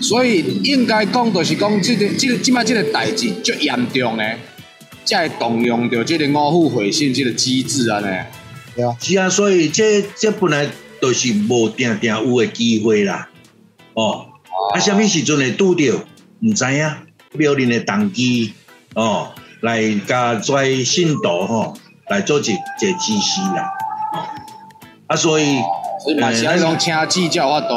所以應該講，就是講這，這，這，這個、這個、這擺這個代志最嚴重呢，才會動用到這個五虎回信這個機制啊呢。對啊。是啊，所以這這本來都是無點點有嘅機會啦。哦。啊，啥物時陣會拄著？唔知啊。廟林嘅動機哦，來加跩信徒吼、哦，來做一個指示啦。啊，所以。所、啊、是買起嚟講，請指教法多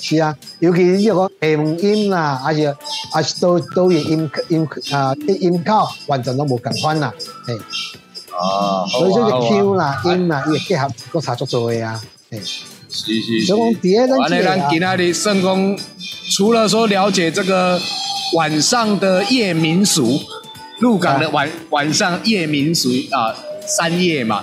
是啊，尤其你如果下門音啦，還是還是都都有音音啊、呃、音靠，完全都冇感覺啦，係。啊，所以就 Q 啦，音啦，也結合都差座做嘅呀，係。是是，是，是。咁我哋咧、啊，啊、今日咧，甚至講，除了說了解這個晚上的夜民俗，鹿港的晚、啊、晚上夜民俗啊，三夜嘛。